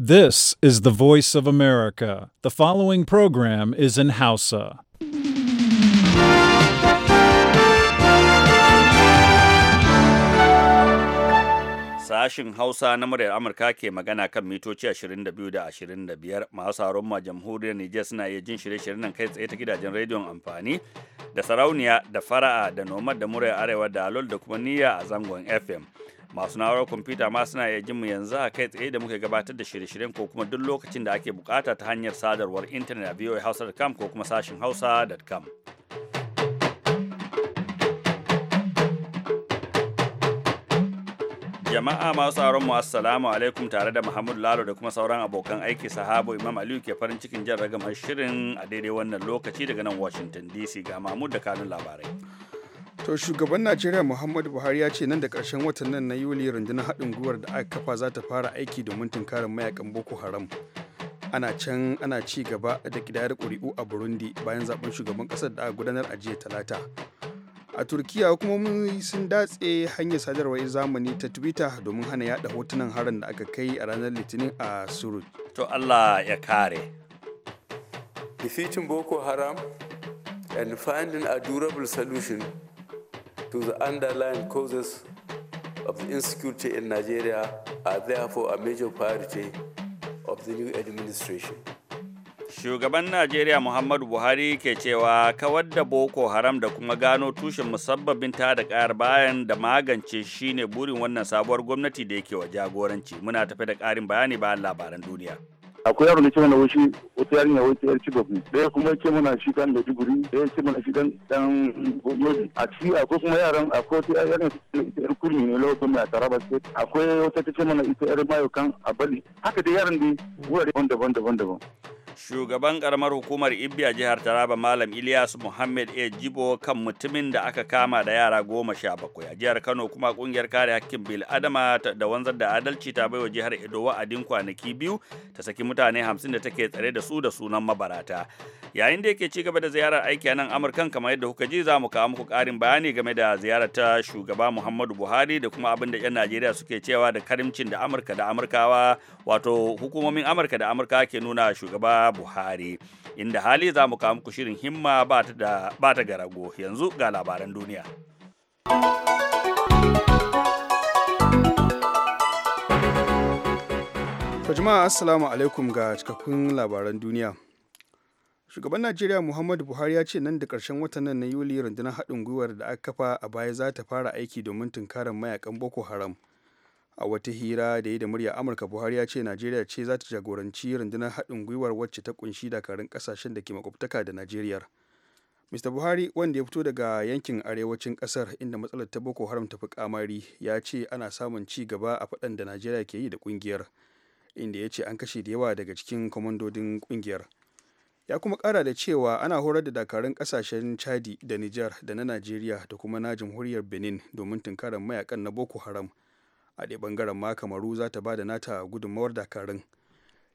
This is the voice of America. The following program is in Hausa. Sashin Hausa na muryar Amurka ke magana kan mitoci 22 da 25 masu haron ma jamhuriyar Nijar suna iya jin shirye-shiryen nan kai tsaye ta gidajen rediyon amfani da sarauniya da fara'a da nomad da muryar arewa da alol da kuma niyya a zangon FM. masu na'urar kwamfuta ma suna iya jinmu mu yanzu a kai tsaye da muke gabatar da shirye-shiryen ko kuma duk lokacin da ake bukata ta hanyar sadarwar intanet a voahausa.com ko kuma sashin hausa.com jama'a masu tsaron mu assalamu alaikum tare da Muhammadu Lalo da kuma sauran abokan aiki sahabo Imam Aliyu ke farin cikin jan ragamar shirin a daidai wannan lokaci daga nan Washington DC ga Mahmud da kanun labarai. To shugaban Najeriya Muhammadu Buhari ya ce nan da ƙarshen watan nan na Yuli rundunar haɗin gwiwar da aka kafa za ta fara aiki domin tunkarar mayakan Boko Haram. Ana can ana ci gaba da kidayar ƙuri'u a Burundi bayan zaben shugaban ƙasar da aka gudanar a jiya Talata. A Turkiya hukumomi sun datse hanyar sadarwar zamani ta Twitter domin hana yada hotunan harin da aka kai a ranar Litinin a Surut. To Allah ya kare. Defeating Boko Haram and finding a durable solution to the underlying causes of the insecurity in Nigeria are therefore a major priority of the new administration. Shugaban Najeriya Muhammadu Buhari ke cewa kawar da Boko Haram da kuma gano tushen musabbabin ta da ƙayar bayan da magance shi ne burin wannan sabuwar gwamnati da yake wa jagoranci. Muna tafe da ƙarin bayani bayan labaran duniya. akwai yaro ne ce mana wasu wata yarinya wata yar cibok ne ɗaya kuma ke mana shi kan da duguri ɗaya ke mana shi kan dan yobi a ciki akwai kuma yaran akwai wata yarinya ita yar kurmi ne lokacin mai a taraba state akwai wata ta ce mana ita yar mayo kan a bali haka dai yaran dai wurare daban-daban daban-daban shugaban karamar hukumar ibbiya jihar taraba malam ilyas muhammad a jibo kan mutumin da aka kama da yara goma sha bakwai a jihar kano kuma kungiyar kare hakkin bil adama da wanzar da adalci ta baiwa jihar edo adin kwanaki biyu ta saki mutane hamsin da take tsare da su da sunan mabarata yayin da yake ci gaba da ziyarar aiki a nan amurkan kamar yadda kuka ji za mu kawo muku karin bayani game da ziyarar ta shugaba muhammadu buhari da kuma abin da 'yan najeriya suke cewa da karimcin da amurka da amurkawa wato hukumomin amurka da amurka ke nuna shugaba buhari inda hali za mu kawo muku shirin himma ba ta garago yanzu ga labaran duniya jama'a assalamu alaikum ga cikakkun labaran duniya shugaban najeriya muhammadu buhari ya ce nan da karshen watan nan na yuli rundunar haɗin gwiwar da aka kafa a baya za ta fara aiki domin tunkarar mayakan boko haram a wata hira da yi da murya amurka buhari ya ce najeriya ce za ta jagoranci rundunar haɗin gwiwar wacce ta kunshi dakarun kasashen da ke makwabtaka da najeriya Mista buhari wanda ya fito daga yankin arewacin ƙasar inda matsalar ta boko haram tafi fi kamari ya ce ana samun ci gaba a faɗan da najeriya ke yi da ƙungiyar inda ya ce an kashe da yawa daga cikin kwamandodin ƙungiyar ya kuma ƙara da cewa ana horar da dakarun ƙasashen chadi da nijar da na najeriya da kuma na jamhuriyar benin domin tunkarar mayakan na boko haram a ɗaya bangaren ma kamaru za ta ba nata gudunmawar dakarun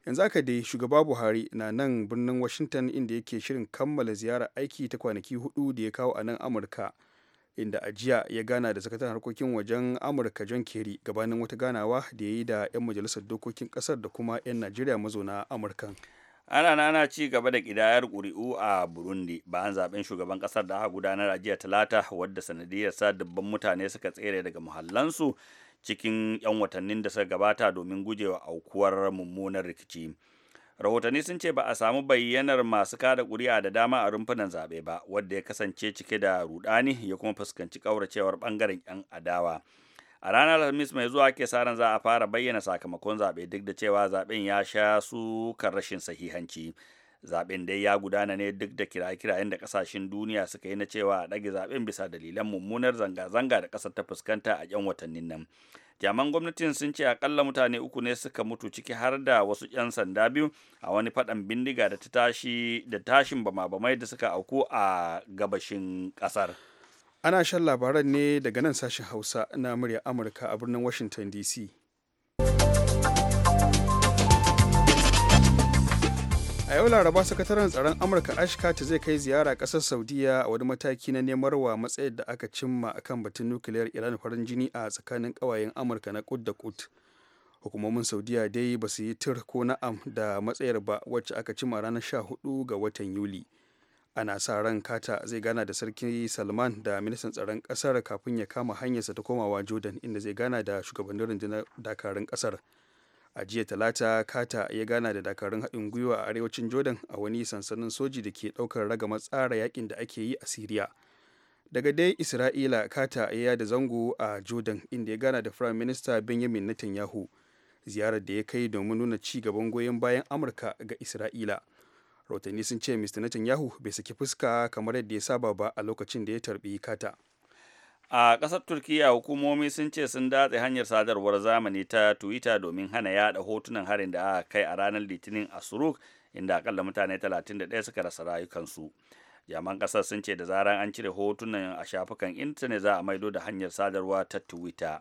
yanzu haka dai shugaba buhari na nan birnin washington inda yake shirin kammala ziyara aiki ta kwanaki hudu da ya kawo a nan amurka inda a jiya ya gana da sakataren harkokin wajen amurka john kerry gabanin wata ganawa da ya yi da 'yan majalisar dokokin kasar da kuma 'yan najeriya mazauna amurkan ana nana ci gaba da kidayar ƙuri'u a burundi bayan zaɓen shugaban ƙasar da aka gudanar a jiya talata wadda sa dubban mutane suka tsere daga muhallansu cikin 'yan watannin da suka gabata domin gujewa aukuwar mummunar rikici. rahotanni sun ce ba a samu bayyanar masu kada kuri'a da dama a rumfunan zaɓe ba wadda ya kasance cike da rudani ya kuma fuskanci ƙauracewar ɓangaren 'yan adawa a ranar alhamis mai zuwa ke sa ran za a fara bayyana sakamakon zaɓe duk da cewa zaɓen ya sha su kan rashin sahihanci zaɓen dai ya gudana ne duk da kiraye-kirayen da ƙasashen duniya suka yi na cewa a ɗage zaɓen bisa dalilan mummunar zanga-zanga da ƙasar ta fuskanta a 'yan watannin nan jaman gwamnatin sun ce akalla mutane uku ne suka mutu ciki har da wasu 'yan sanda biyu a wani faɗan bindiga da tashi da tashin bama-bamai da suka auku a gabashin ƙasar ana shan labaran ne daga nan sashen hausa na murya amurka a birnin washington dc a yau laraba sakataren tsaron amurka ashkata zai kai ziyara kasar saudiya a wani mataki na nemar wa matsayin da aka cimma akan batun nukiliyar iran farin jini a tsakanin kawayen amurka na kud da kud hukumomin saudiya dai ba su yi tir ko na'am da matsayar ba wacce aka cimma ranar 14 ga watan yuli ana sa ran kata zai gana da sarki salman da ministan tsaron kasar kafin ya kama hanyarsa ta komawa jordan inda zai gana da shugabannin rundunar dakarun kasar a jiya talata kata ya gana da dakarun haɗin gwiwa a arewacin jordan a wani sansanin soji da ke ɗaukar ragamar tsara yakin da ake yi a syria daga dai isra'ila kata ya da zango a jordan inda ya gana da prime minister benjamin netanyahu ziyarar da ya kai domin nuna ci gaban goyon bayan amurka ga isra'ila rahotanni sun ce mr netanyahu bai saki fuska kamar yadda ya saba ba a lokacin da ya tarbi kata a ƙasar turkiya hukumomi sun ce sun datse hanyar sadarwar zamani ta twitter domin hana yada hotunan harin da aka kai a ranar litinin a suruk inda akalla mutane 31 suka rasa rayukansu jaman ƙasar sun ce da zaran an cire hotunan a shafukan intanet za a maido da hanyar sadarwa ta twitter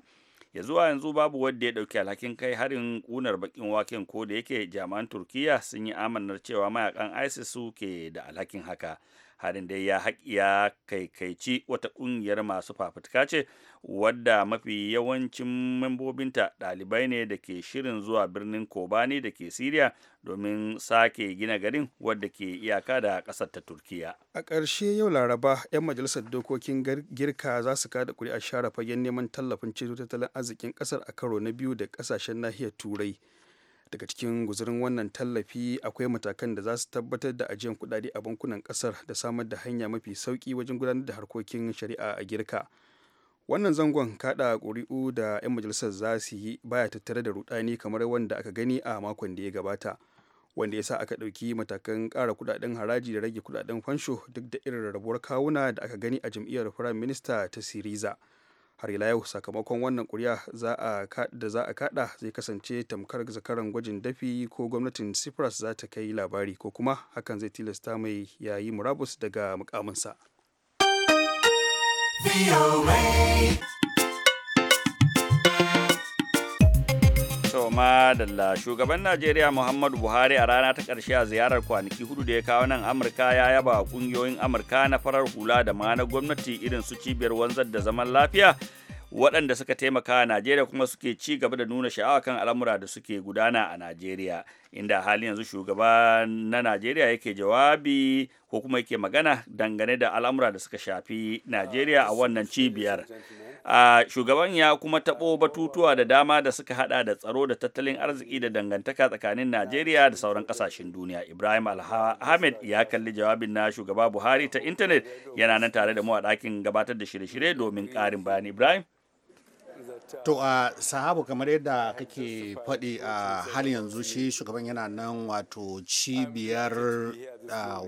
ya zuwa yanzu babu wanda ya ɗauki alhakin kai harin ƙunar bakin waken ko da yake jami'an turkiya sun yi amannar cewa mayakan isis suke da alhakin haka harin dai ya haƙiya kaikaici wata ƙungiyar masu fafutuka ce wadda mafi yawancin membobinta ɗalibai ne da ke shirin zuwa birnin kobani da ke siriya domin sake gina garin wadda ke iyaka da ƙasar ta turkiya a ƙarshe yau laraba 'yan majalisar dokokin girka za su kada a share fagen neman tallafin ceto tattalin arzikin ƙasar a karo na biyu da ƙasashen nahiyar turai daga cikin guzurin wannan tallafi akwai matakan da za su tabbatar da ajiyar kudade a bankunan kasar da samar da hanya mafi sauki wajen gudanar da harkokin shari'a a girka wannan zangon kada ƙuri'u da 'yan majalisar za su yi baya tattare da rudani kamar wanda aka gani a makon da ya gabata wanda ya sa aka ɗauki matakan ƙara kudaden haraji da rage kudaden fansho duk da irin rabuwar kawuna da aka gani a jam'iyyar firayim minista ta siriza har ila yau sakamakon wannan kuri'a da za a kada zai kasance tamkar zakaran gwajin dafi ko gwamnatin cyprus za ta kai labari ko kuma hakan zai tilasta mai yayi murabus daga mukaminsa. To madalla shugaban Najeriya Muhammadu Buhari a rana ta ƙarshe a ziyarar kwanaki hudu da ya kawo nan Amurka ya yaba ƙungiyoyin Amurka na farar hula da ma na gwamnati irin su cibiyar wanzar da zaman lafiya waɗanda suka taimaka a Najeriya kuma suke ci gaba da nuna sha'awa kan al'amura da suke gudana a Najeriya inda halin yanzu shugaba na Najeriya yake jawabi ko kuma yake magana dangane da al'amura da suka shafi Najeriya a wannan cibiyar. a shugaban ya kuma taɓo batutuwa da dama da suka hada da tsaro da tattalin arziki da dangantaka tsakanin najeriya da sauran kasashen duniya ibrahim alhamed ya kalli jawabin na shugaba buhari ta intanet yana nan tare da mu a ɗakin gabatar da shirye-shirye domin ƙarin bayani ibrahim To a sahabu kamar yadda kake faɗi a hali yanzu shi shugaban yana nan wato cibiyar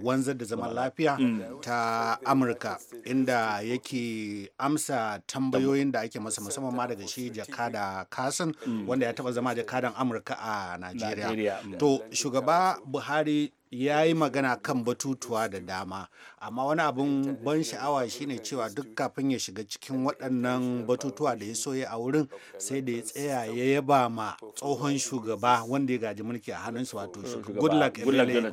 wanzar da zaman lafiya ta Amurka inda yake amsa tambayoyin da ake masa musamman ma daga shi jakada Kasan wanda ya taɓa zama jakadan Amurka a Najeriya. To shugaba Buhari ya yi magana kan batutuwa da dama amma wani abin ban sha'awa shine cewa duk kafin ya shiga cikin waɗannan batutuwa da ya soya a wurin sai da ya tsaya ya yaba ma tsohon shugaba wanda ya gaji mulki a hannunsa wato goodluck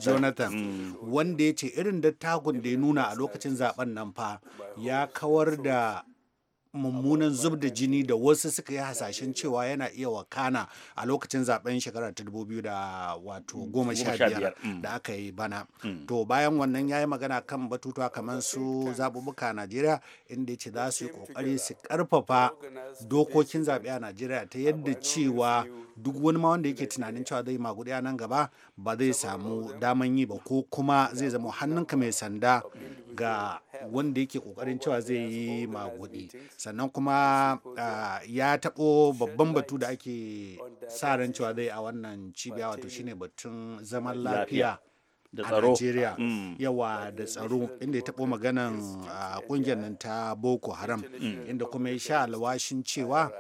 jonathan mm. wanda ya ce irin da tagun da ya nuna a lokacin zaben nan fa ya kawar da mummunan zub da jini da wasu suka yi hasashen cewa yana iya wakana a lokacin zaben shekara ta dubu biyu da wato mm, goma sha biyar mm. da aka yi bana mm. to bayan wannan ya yi magana kan batutuwa kamar su zaɓuɓɓuka a najeriya inda ya ce za su yi ƙoƙari su ƙarfafa dokokin zaɓe a najeriya ta yadda cewa duk wani ma wanda yake eh, eh, tunanin eh. cewa zai magudi a nan gaba ba zai samu daman yi ba ko kuma zai zama hannunka mai sanda ga wanda yake kokarin cewa zai yi magudi sannan kuma ah, ya taɓo babban batu da ake sa ran cewa zai a wannan cibiya wato shine batun zaman lafiya da tsaro a Najeriya mm. yawa da tsaro inda ya taɓo maganan ah, ƙungiyar nan ta Boko Haram inda kuma ya sha alwashin cewa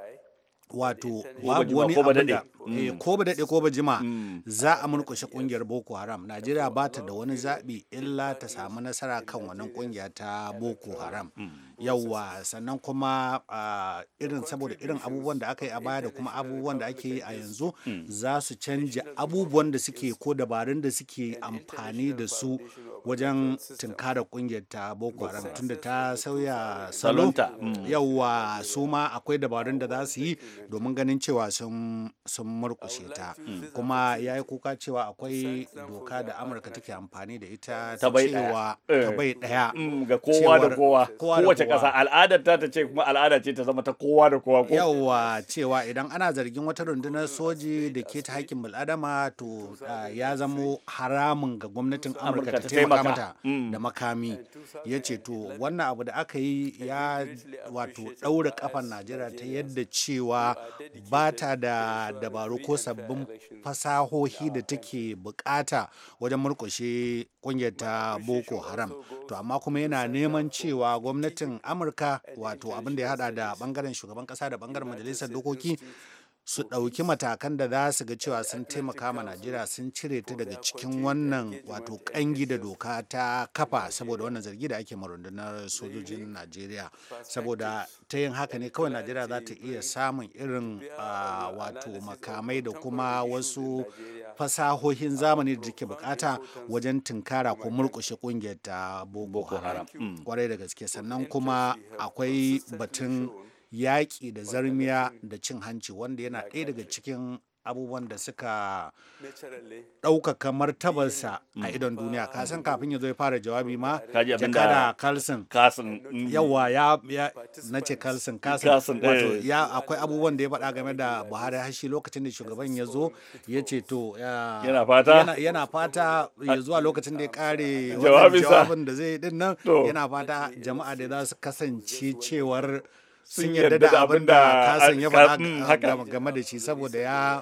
wato babu wani abin da Mm. Eh, ko ba daɗe ko ba jima mm. za a murƙushe ƙungiyar boko haram najeriya ba ta da wani zaɓi illa ta samu nasara kan wannan ƙungiya ta boko haram mm. yawwa sannan kuma irin saboda irin abubuwan da aka yi a baya da kuma abubuwan da ake yi a yanzu za su canja abubuwan da suke ko dabarun da suke amfani da su wajen tunkarar kungiyar ta boko haram tunda ta sauya salo yawwa su ma akwai dabarun da za su yi domin ganin cewa sun murkushe ta kuma ya yi kuka cewa akwai doka da amurka take amfani da ita ta bai daya eh. mm, ga kowa da kowa kowace kasa al'adar ta ta ce kuma al'ada ce ta zama ta kowa da kowa yawa cewa idan ana zargin wata rundunar soji da ke ta hakkin bil'adama to ah, ya zamo haramun ga gwamnatin amurka ta taimaka mata mm. da makami ya ce to wannan abu da aka yi ya wato daura kafan najeriya ta yadda cewa ba ta da dabaru dabaru ko sabbin fasahohi da take bukata wajen murkushe kungiyar ta boko haram to amma kuma yana neman cewa gwamnatin amurka wato abin da ya hada da bangaren shugaban kasa da bangaren majalisar dokoki su ɗauki matakan da za su ga cewa sun taimaka ma najeriya sun cire ta daga cikin wannan wato ƙangi da doka ta kafa saboda wannan zargi da ake marundunar sojojin najeriya saboda ta yin haka ne kawai najeriya za ta iya samun irin ah, wato makamai da kuma wasu fasahohin zamani da ke bukata wajen tunkara ko murkushe kungiyar ta boko haram mm. kwarai da gaske sannan kuma akwai batun yaƙi da zarmiya da cin hanci wanda yana ɗaya daga cikin abubuwan da suka ɗaukaka martabarsa a mm. idon duniya kasan kafin ya zo ya fara jawabi ma jakada kalsin mm. yawa ya na ce kalsin carlson eh. wato ya akwai abubuwan da ya faɗa game da buhari hashi lokacin da shugaban ya zo ya ce to yana fata ya zuwa lokacin da ya kare jawabin da zai din nan yana fata jama'a da za su kasance cewar sun yarda da abin da kasan ya haka game da shi saboda ya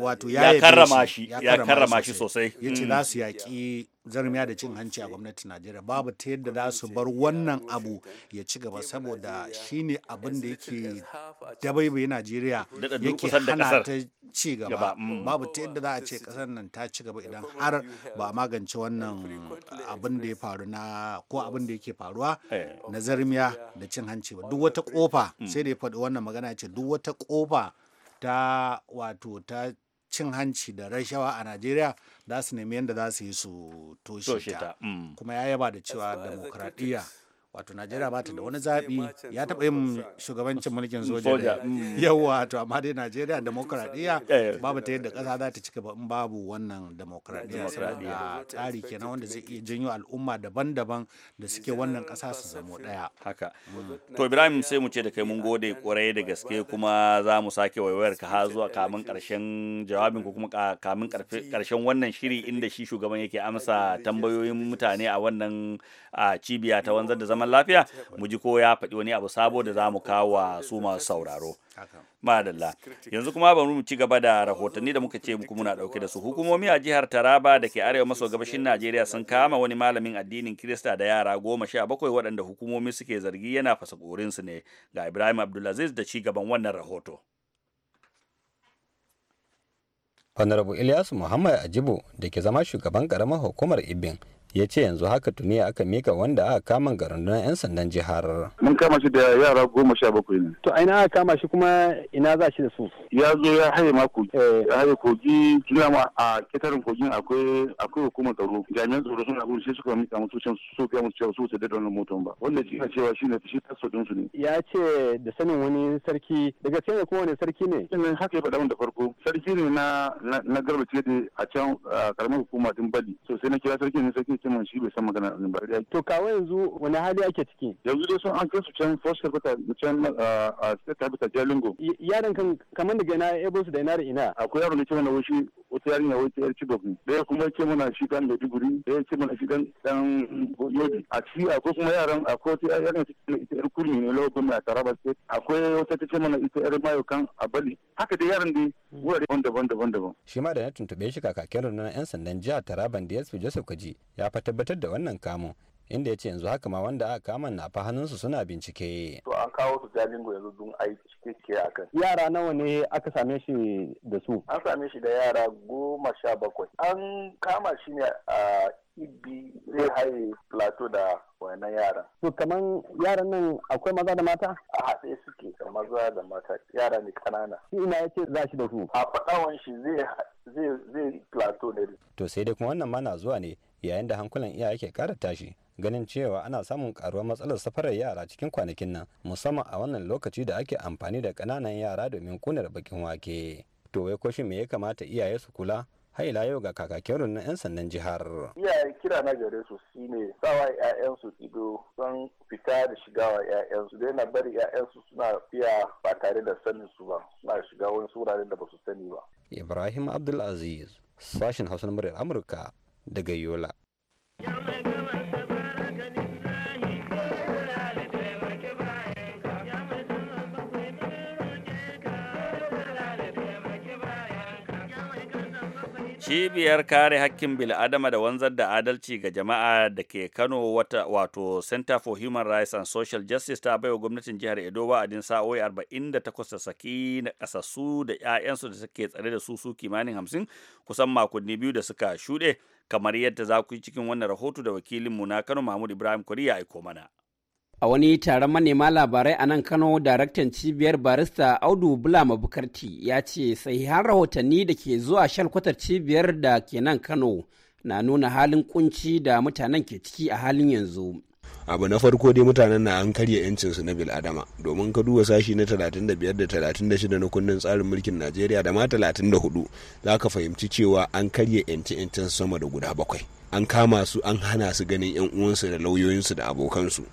wato ya karrama shi ya karrama sosai yace za hmm. su yaƙi zarmiya da cin hanci a gwamnatin najeriya babu ta yadda za su bar wannan abu ya ci gaba saboda shine abin da yake dabaibaye najeriya yake hana ta ci gaba mm. babu ta yadda za a ce kasar nan ta ci gaba idan har ba a magance wannan abin da ya faru na ko abin da yake faruwa eh. na zarmiya da cin hanci ba duk wata kofa sai da ya faɗi wannan magana ce duk wata kofa ta wato ta cin hanci da rashawa a najeriya za su nemi yadda za su yi su toshe ta mm. kuma ya yaba da cewa demokradiyya wato najeriya ba ta da wani zaɓi ya taɓa yin shugabancin mulkin mm, soja yawa mm. wato amma dai najeriya demokradiyya babu ta yadda ƙasa za ta cika ba in babu wannan demokradiyya saboda ah, tsari kenan wanda zai iya janyo al'umma daban-daban da suke wannan ƙasa su zamo ɗaya haka mm. to ibrahim sai mu ce da kai mun gode kwarai da gaske kuma za mu sake waiwayar ka har zuwa kamin ƙarshen jawabin ko kuma kamin ƙarshen wannan shiri inda shi shugaban yake amsa tambayoyin mutane a wannan cibiya ta wanzar da zaman zaman lafiya mu ji ko ya faɗi wani abu sabo da za mu kawo wa su masu sauraro madalla yanzu kuma bari mu ci gaba da rahotanni da muka ce muku muna dauke da su hukumomi a jihar Taraba da ke arewa maso gabashin Najeriya sun kama wani malamin addinin Kirista da yara goma sha bakwai waɗanda hukumomi suke zargi yana fasa su ne ga Ibrahim Abdulaziz da ci gaban wannan rahoto Honorable Ilyasu Muhammad ajibu da ke zama shugaban karamar hukumar Ibin ya ce yanzu haka tuni aka mika wanda aka kama ga rundunar 'yan sandan jihar. Mun kama shi da yara goma sha bakwai ne. To aina aka kama shi kuma ina za shi da su? Ya zo ya haye ma kogi. Eh. Ya haye kogi kila ma a ketarin kogin akwai akwai hukumar tsaro. Jami'an tsaro suna gudu sai suka mika musu can su ga musu cewa su su da wannan motan ba. Wanda ji cewa shi ne shi taso din su ne. Ya ce da sanin wani sarki daga sai kuma wani sarki ne. Sannan haka ya faɗa da farko. Sarki ne na na garbace a can karamar hukuma din Bali. So sai na kira sarki ne sarki mutumin shi bai san magana ɗin ba to kawai yanzu wani hali ake ciki yanzu dai sun an kai su can first capital can uh, a state capital jalingo yaron kan kamar daga ina ya su da ina da ina akwai yaro ne ke mana wushi wata yarinya wata yar chibok ne daya kuma ke mana shi kan maiduguri daya ke mana shi kan dan yobi a ciki akwai kuma yaran akwai wata yarinya ita yar kurmi ne lokacin gwamna a taraba state akwai wata ta ce mana ita yar mayo kan a bali haka dai yaran dai wurare daban-daban daban shi ma da na tuntuɓe shi kakakin rundunar 'yan sandan jihar taraban da ya joseph kaji ya fa tabbatar da wannan kamun inda ya ce yanzu haka ma wanda aka kama na fa hannunsu suna bincike. To an kawo su jalingo yanzu dun aiki cike a kan. Yara nawa ne aka same shi da su? An same shi da yara goma sha bakwai. An kama shi ne a ibi zai haye plateau da wannan yaran. To kaman yaran nan akwai maza da mata? A haɗe suke da maza da mata yara ne kanana. Shi ina ya ce za shi da su? A faɗawan shi zai zai plateau ne. To sai dai kuma wannan mana zuwa ne yayin da hankulan iyaye ke kara tashi ganin cewa ana samun karuwar matsalar safarar yara cikin kwanakin nan musamman a wannan lokaci da ake amfani da ƙananan yara domin kunar bakin wake to wai ko me ya kamata iyaye su kula haila yau ga kakakin na 'yan sandan jihar. Iyaye kira na gare su shine sawa 'ya'yansu ido don fita da shigawa wa 'ya'yansu daina bari 'ya'yansu suna fiya ba tare da sanin su ba suna shiga wani wuraren da ba su sani ba. Ibrahim Abdulaziz sashin Hausa na muryar Amurka daga yola Cibiyar kare hakkin bil'adama da wanzar da adalci ga jama'a da ke Kano wata wato Center for Human Rights and Social Justice ta baiwa gwamnatin jihar Edo wa'adin sa'o'i 48 da saki na kasassu da 'ya'yansu da suke tsare da su su kimanin 50 kusan makonni biyu da suka shuɗe kamar yadda za ku yi cikin wannan rahoto da wakilinmu na Kano Mahmud Ibrahim Kwari ya aiko mana. A wani taron manema labarai a nan Kano, daraktan cibiyar barista Audu bula mabukarti ya ce sahihan rahotanni da ke zuwa shalkwatar cibiyar da ke nan Kano na nuna halin kunci da mutanen ke ciki a halin yanzu. abu na farko dai mutanen na an karya yancin su na bil'adama domin ka duba sashi na 35 da 36 na kundin tsarin mulkin najeriya da ma 34 za ka fahimci cewa an karya yanci yancin sama da guda bakwai an kama su an hana su ganin yan uwansu da lauyoyinsu da abokansu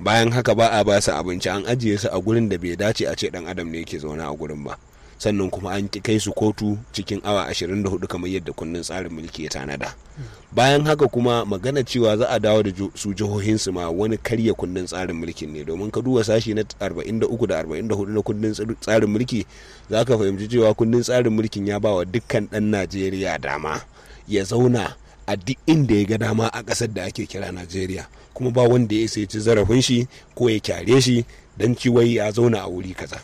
bayan haka ba a ba su abinci an ajiye su a gurin da bai dace a ce dan adam ne yake zauna a gurin ba sannan kuma an kai su kotu cikin awa 24 kamar yadda kundin tsarin mulki ya tanada bayan haka kuma magana cewa za a dawo da su jihohinsu ma wani karya kundin tsarin mulkin ne domin ka duba sashi na 43 da 44 na kundin tsarin mulki za ka fahimci cewa kundin tsarin mulkin ya ba wa dukkan dan najeriya dama ya zauna a duk inda ya ga dama a kasar da ake kira najeriya kuma ba wanda ya ya ci zarafin shi ko ya kyare shi don ciwai ya zauna a wuri kaza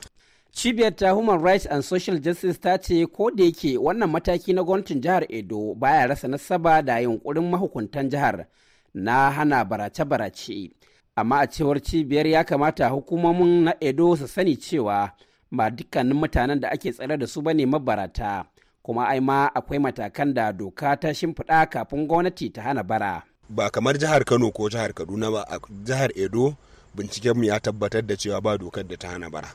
Cibiyar ta Human Rights and Social Justice ta ce ko da yake wannan mataki na gwamnatin jihar Edo baya rasa nasaba da yunkurin mahukuntan jihar na hana barace-barace. Amma a cewar cibiyar ya kamata hukumomin na Edo su sani cewa ba dukkanin mutanen da ake tsare da su bane mabarata. Kuma ai ma akwai matakan da doka ta shimfiɗa kafin gwamnati ta hana bara. Ba kamar jihar Kano ko jihar Kaduna ba a jihar Edo bincikenmu ya tabbatar da cewa ba dokar da ta hana bara.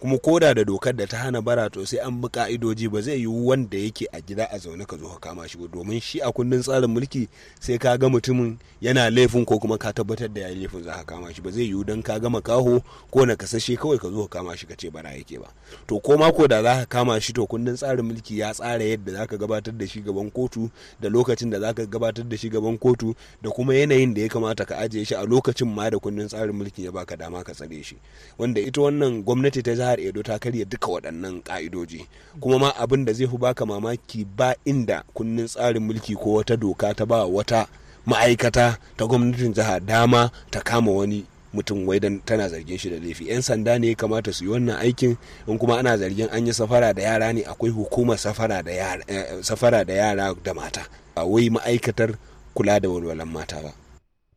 kuma koda da dokar da ta hana bara to sai an bi ka'idoji ba zai yiwu wanda yake a gida a zaune ka zo ka kama shi ba domin shi a kundin tsarin mulki sai ka ga mutumin yana laifin ko kuma ka tabbatar da yayi laifin za ka kama shi ba zai yiwu dan ka gama kaho ko na kasashe kawai ka zo ka kama shi ka ce bara yake ba to ko mako da za ka kama shi to kundin tsarin mulki ya tsara yadda za ka gabatar da shi gaban kotu da lokacin da za ka gabatar da shi gaban kotu da kuma yanayin da ya kamata ka ajiye shi a lokacin ma da kundin tsarin mulki ya baka dama ka tsare shi wanda ita wannan gwamnati ta jihar edo ta karya duka waɗannan ƙa'idoji kuma ma abin da zai fi baka mamaki ba inda kunnin tsarin mulki ko wata doka ta ba wata ma'aikata ta gwamnatin jiha dama ta kama wani mutum wai dan tana zargin shi da laifi yan sanda ne ya kamata su yi wannan aikin in kuma ana zargin an yi safara da yara ne akwai hukumar safara da eh, eh, yara da mata ba wai ma'aikatar kula da walwalan mata ba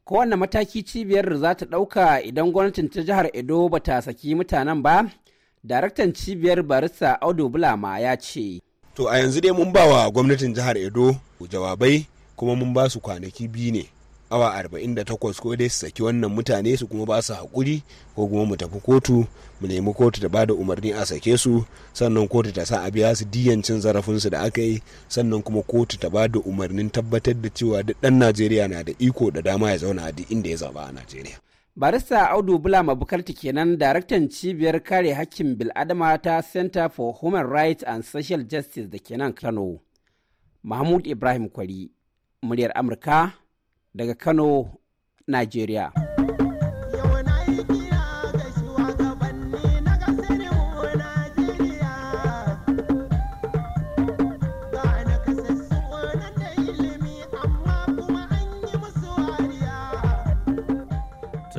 kowane mataki cibiyar za ta ɗauka idan gwamnatin ta jihar edo ba ta saki mutanen ba daraktan cibiyar barista audu bulama ya ce to a yanzu dai mun bawa gwamnatin jihar edo jawabai kuma mun ba su kwanaki biyu ne awa 48 ko dai su saki wannan mutane su kuma ba su haƙuri ko kuma mu tafi kotu mu nemi kotu ta bada umarni a sake su sannan kotu ta sa a biya su diyancin zarafinsu da aka yi sannan kuma kotu ta bada umarnin tabbatar da cewa duk ɗan najeriya na da iko da dama ya zauna a duk inda ya zaba a najeriya barista audu bula mabukarti kenan daraktan cibiyar kare hakkin bil'adama ta center for human rights and social justice da kenan kano mahmud ibrahim kwari muryar amurka daga kano nigeria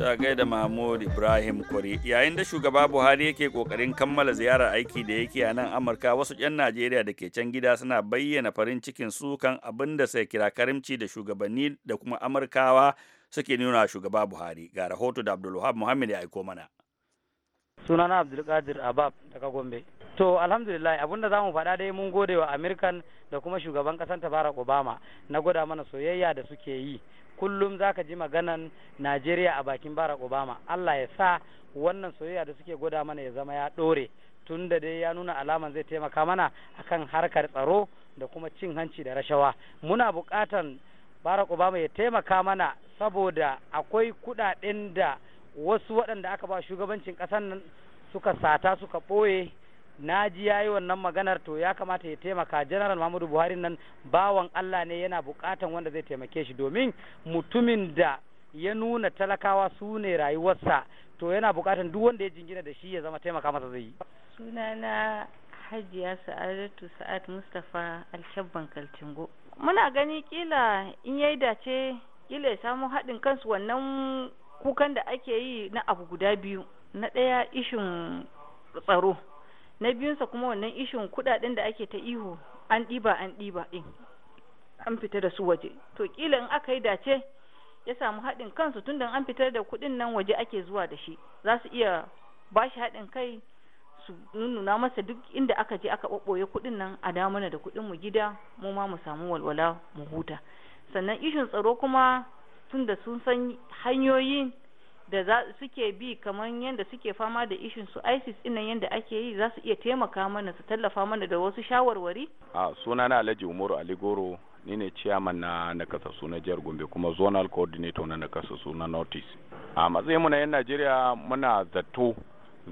a da mahmud ibrahim kore yayin da shugaba buhari yake kokarin kammala ziyarar aiki da yake a nan amurka wasu 'yan najeriya da ke can gida suna bayyana farin cikin su kan abin da sai kira karimci da shugabanni da kuma amurkawa suke nuna shugaba buhari ga rahoto da abdulwahab muhammad ya aiko mana sunana Qadir abab daga gombe to alhamdulillah abinda za mu faɗa dai mun gode wa american da kuma shugaban ƙasar ta barack obama na gwada mana soyayya da suke yi kullum za ka ji maganan najeriya a bakin barack obama allah ya sa wannan soyayya da suke gwada mana ya zama ya ɗore tun da dai ya nuna alaman zai taimaka mana akan harkar tsaro da kuma cin hanci da rashawa muna buƙatan barack obama ya taimaka mana saboda akwai kuɗaɗen da wasu waɗanda aka ba shugabancin ƙasar nan suka sata suka ɓoye na ji ya yi wannan maganar to ya kamata ya taimaka general muhammadu buhari nan bawan allah ne yana bukatan wanda zai taimake shi domin mutumin da ya nuna talakawa su ne rayuwarsa to yana bukatan duk wanda ya jingina da shi ya zama taimaka masa zai yi sunana hajiya sa'adatu sa'ad mustapha alkyabban kaltingo muna gani kila in yayi dace kila ya samu haɗin kansu wannan kukan da ake yi na abu guda biyu na ɗaya ishin tsaro na biyunsa kuma wannan ishin kudaden da ake ta ihu an ɗiba an ɗiba in an fita da su waje to kila in aka yi dace ya samu haɗin kansu tunda an fitar da kuɗin nan waje ake zuwa da shi za su iya ba shi haɗin kai su nuna masa duk inda aka je aka ɓaɓɓoye kuɗin nan a damuna da kuɗin mu gida mu ma mu samu walwala mu huta sannan ishin tsaro kuma tunda sun san hanyoyin da za suke bi kamar yadda suke fama da ishin su isis inan yadda ake yi za su iya taimaka mana su tallafa mana da wasu shawarwari a suna na alhaji umaru ali goro ni ne ciyaman na nakasassu na jihar gombe kuma zonal coordinator na nakasassu na notice a matsayin mu na yan najeriya muna zato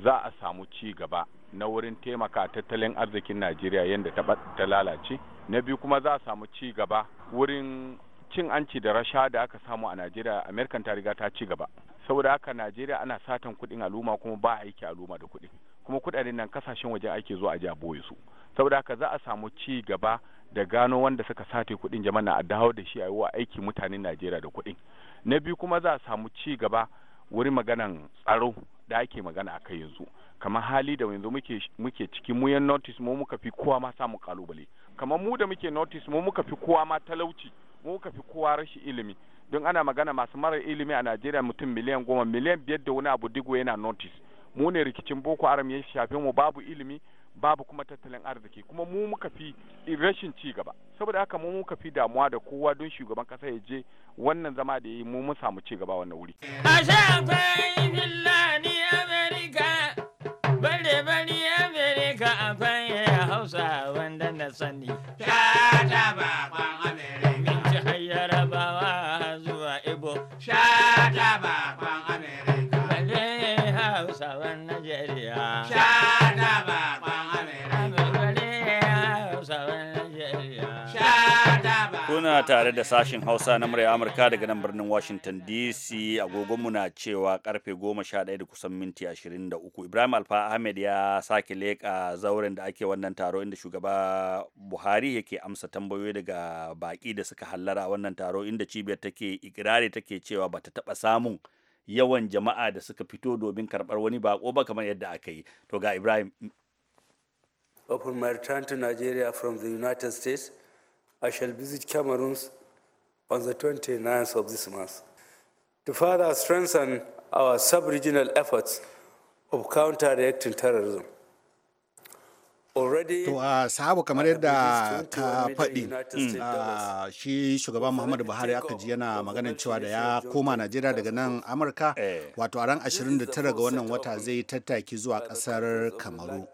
za a samu ci gaba na wurin taimaka tattalin arzikin najeriya yadda ta lalace na biyu kuma za a samu ci gaba wurin cin anci da rasha da aka samu a najeriya amerikan ta riga ta ci gaba saboda haka najeriya ana satan kuɗin aluma kuma ba aiki aluma da kuɗi kuma kuɗaɗen nan kasashen waje ake zuwa a ji su saboda haka za a samu ci gaba da gano wanda suka sace kuɗin jama'a na dawo da shi a yi wa aiki mutanen najeriya da kuɗin na biyu kuma za a samu ci gaba wurin maganan tsaro da ake magana a kai yanzu kamar hali da yanzu muke muke cikin muyan notice mu muka fi kowa ma samu kalubale kamar mu da muke notice mu muka fi kowa ma talauci mu muka fi kowa rashin ilimi don ana magana masu mara ilimi a najeriya mutum miliyan goma miliyan biyar da wani abu digo yana notice mu ne rikicin boko haram ya shafe mu babu ilimi babu kuma tattalin arziki kuma mu muka fi rashin ci gaba saboda haka mu muka fi damuwa da kowa don shugaban kasa ya je wannan zama da yi mu mun samu ci gaba wannan wuri a hausa wanda na sani I blah, blah. tare da sashin Hausa na murya Amurka daga nan birnin Washington DC agogonmu na cewa karfe 11 da kusan minti 23. Ibrahim Alfa Ahmed ya sake leƙa zauren da ake wannan taro inda shugaba Buhari yake amsa tambayoyi daga baƙi da suka hallara wannan taro inda cibiyar take ikirari take cewa bata taɓa samun yawan jama'a da suka fito domin karɓar wani bako ba kamar yadda aka yi. To ga Ibrahim. open my return to Nigeria from the United States, I shall visit Cameroon on the 29th of this month. To further strengthen our sub-regional efforts of counteracting terrorism, To a sahabu kamar yadda ka faɗi mm. shi shugaban Muhammadu Buhari aka ji yana maganin cewa da ya koma Najeriya daga nan Amurka eh. wato a ran 29 ga wannan wata zai tattaki zuwa ƙasar Kamaru.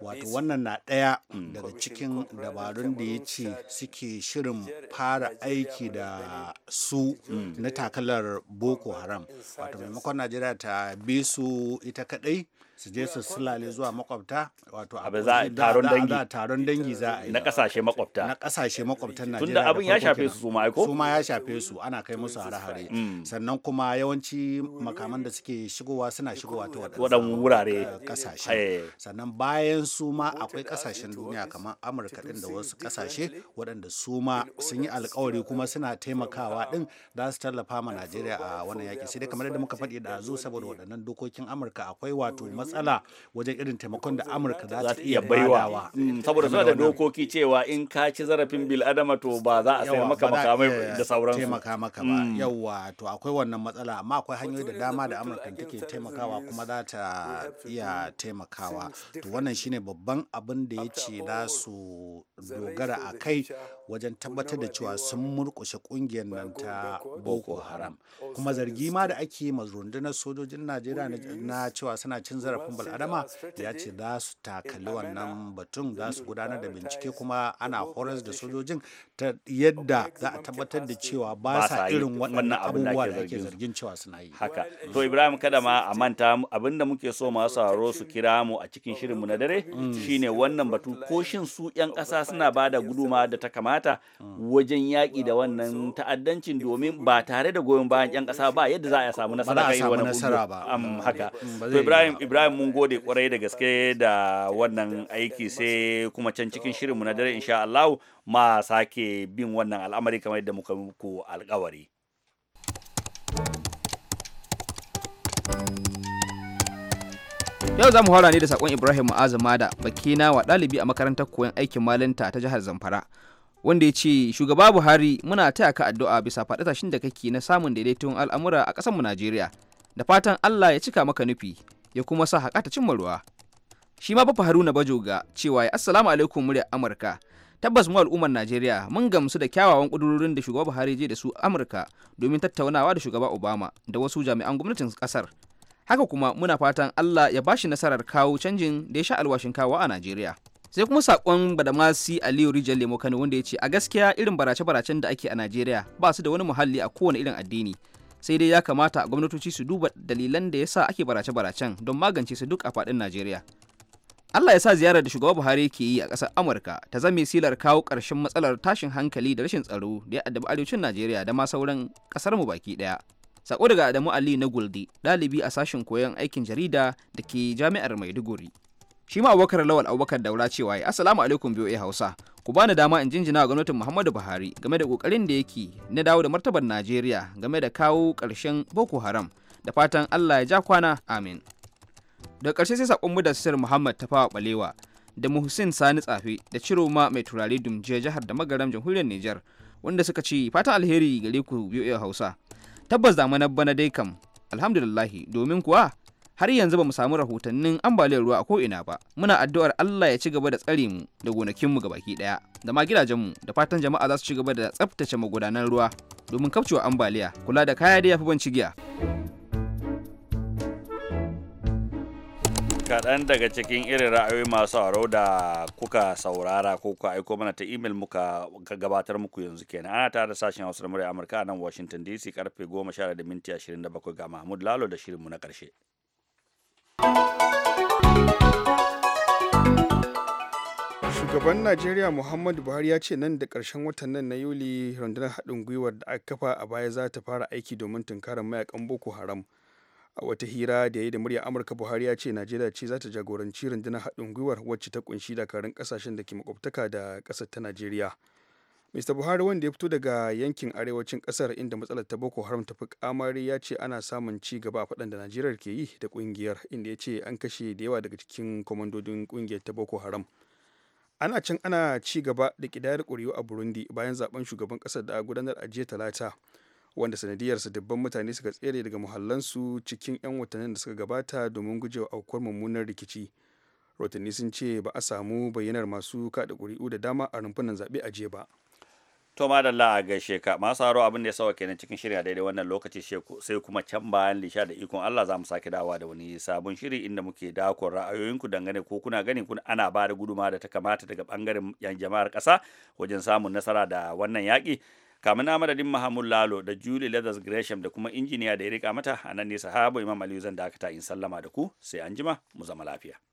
Wato wannan na ɗaya mm, daga cikin dabarun da ya ce suke shirin fara aiki da su mm, na takalar Boko Haram. Wato maimakon Najeriya ta bi su ita kaɗai. su je su sulale zuwa makwabta wato a za taron dangi taron dangi za a yi na kasashe makwabta na kasashe makwabtan Najeriya tunda abin ya shafe su suma aiko suma ya shafe su ana kai musu hare-hare mm. sannan kuma yawanci makaman da suke shigowa suna shigowa ta wadan wurare kasashe eh, eh. sannan bayan su ma akwai kasashen duniya kamar Amurka din da wasu kasashe waɗanda su ma sun yi alkawari kuma suna taimakawa din za su tallafa ma Najeriya a wannan yaki sai dai kamar yadda muka faɗi da zo saboda waɗannan dokokin Amurka akwai wato matsa matsala wajen irin taimakon da amurka za ta iya baiwa mm, saboda suna da dokoki cewa in ka ci zarafin bil adama to ba za a sayar maka makamai da sauransu taimaka maka ba mm. yawa to akwai wannan matsala amma akwai hanyoyi da dama da amurka take taimakawa kuma za ta iya taimakawa to wannan shine babban abin da ya ce za su dogara a kai wajen tabbatar da cewa sun murkushe kungiyar nan ta boko haram kuma zargi ma da ake ma rundunar sojojin najeriya na cewa suna cin zarafin zarafin bal'adama ya ce za su takali wannan batun za su gudanar da bincike kuma ana horas da sojojin ta yadda za a tabbatar da cewa ba sa irin wannan abubuwa da ake zargin cewa suna yi haka to ibrahim kada ma a manta abinda muke so masu sauraro su kira mu a cikin shirinmu na dare mm. shine wannan batu ko shin su 'yan kasa suna ba da guduma da ta kamata mm. wajen yaƙi da wannan ta'addancin domin ba tare da goyon bayan 'yan kasa ba yadda za a samu nasara kai wannan ba haka mm, to ibrahim ibrahim Ibrahim mun gode kwarai da gaske da wannan aiki sai kuma can cikin shirinmu na dare insha Allah ma sake bin wannan al'amari kamar yadda muka muku alkawari. Yau za mu fara ne da sakon Ibrahim Azuma da bakina wa ɗalibi a makarantar koyon aikin malinta ta jihar Zamfara. Wanda ya ce, Shugaba Buhari muna taya ka addu'a bisa faɗi tashin da kake na samun daidaiton al'amura a ƙasarmu Najeriya. Da fatan Allah ya cika maka nufi, ya kuma sa haƙa ta cimma ruwa shi ma bafa haruna bajoga cewa ya assalamu alaikum muryar amurka tabbas mu al'ummar najeriya mun gamsu da kyawawan ƙudurorin da shugaba buhari je da su amurka domin tattaunawa da shugaba obama da wasu jami'an gwamnatin kasar haka kuma muna fatan allah ya bashi nasarar kawo canjin da ya sha alwashin kawo a najeriya sai kuma sakon badamasi aliyu rijal lemo kano wanda ya ce a gaskiya irin barace-baracen da ake a najeriya ba su da wani muhalli a kowane irin addini sai dai ya kamata gwamnatoci su duba dalilan da ya sa ake barace-baracen don magance su duk a faɗin najeriya Allah ya sa ziyarar da shugaba Buhari ke yi a ƙasar Amurka ta zame silar kawo ƙarshen matsalar tashin hankali da rashin tsaro da ya addabi arewacin Najeriya da ma sauran ƙasar mu baki ɗaya. Sako daga Adamu Ali na Guldi, ɗalibi a sashen koyon aikin jarida da ke Jami'ar Maiduguri. Shi ma Abubakar Lawal Abubakar Daura cewa ya Assalamu alaikum biyo Hausa. ku bani dama in jinjina gwamnatin muhammadu buhari game da kokarin da yake na dawo da martabar najeriya game da kawo ƙarshen boko haram da fatan allah ya ja kwana amin da ƙarshe sai saƙon da sir muhammad fawa balewa da muhsin sani tsafe da ciroma mai turare dumje jihar da magaram jamhuriyar niger wanda suka ce fatan alheri gare ku biyu hausa tabbas da bana dai kam alhamdulillahi domin kuwa har yanzu ba mu samu rahotannin ambaliyar ruwa a ko ina ba muna addu'ar Allah ya ci gaba da tsare mu da gonakinmu ga baki daya da ma gidajenmu da fatan jama'a za su ci gaba da tsaftace magudanan ruwa domin kaucewa ambaliya kula da kaya da yafi ban cigiya. kaɗan daga cikin irin ra'ayoyi masu aro da kuka saurara ko ku aiko mana ta imel muka gabatar muku yanzu kenan ana tare da sashen hausa na murya amurka a nan washington dc karfe 10 da minti 27 ga mahmud lalo da shirin mu na karshe. shugaban najeriya muhammadu buhari ya ce nan da karshen watan nan na yuli rundunar haɗin gwiwar da aka kafa a baya za ta fara aiki domin tunkarar mayakan boko haram a wata hira da ya yi da murya amurka buhari ya ce najeriya ce za ta jagoranci rundunar haɗin gwiwar wacce ta kunshi dakarun ƙasashen da ke makwabtaka da ƙasar ta najeriya Mr. Buhari wanda ya fito daga yankin arewacin kasar inda matsalar ta Boko Haram ta fi kamari ya ce ana samun ci gaba a faɗan da Najeriya ke yi da kungiyar inda ya ce an kashe da yawa daga cikin kwamandodin kungiyar ta Boko Haram. Ana can ana ci gaba da kidayar ƙuri'u a Burundi bayan zaben shugaban kasar da gudanar a jiya Talata wanda sanadiyarsa dubban mutane suka tsere daga muhallansu cikin 'yan watannin da suka gabata domin gujewa aukuwar mummunar rikici. Rotanni sun ce ba a samu bayyanar masu kaɗa ƙuri'u da dama a rumfunan zaɓe a jiya ba. to da la'a gaishe ka masu haro abin da ya sawa kenan cikin shirya daidai wannan lokaci sai kuma can bayan lisha da ikon Allah za mu sake dawa da wani sabon shiri inda muke dakon ra'ayoyinku dangane ko kuna gani kun ana ba da guduma da ta kamata daga bangaren yan jama'ar kasa wajen samun nasara da wannan yaki kamin na madadin Mahamud Lalo da Julie Leathers Gresham da kuma injiniya da ya rika mata a nan ne sahabo Imam Aliyu zan dakata in sallama da ku sai anjima mu zama lafiya.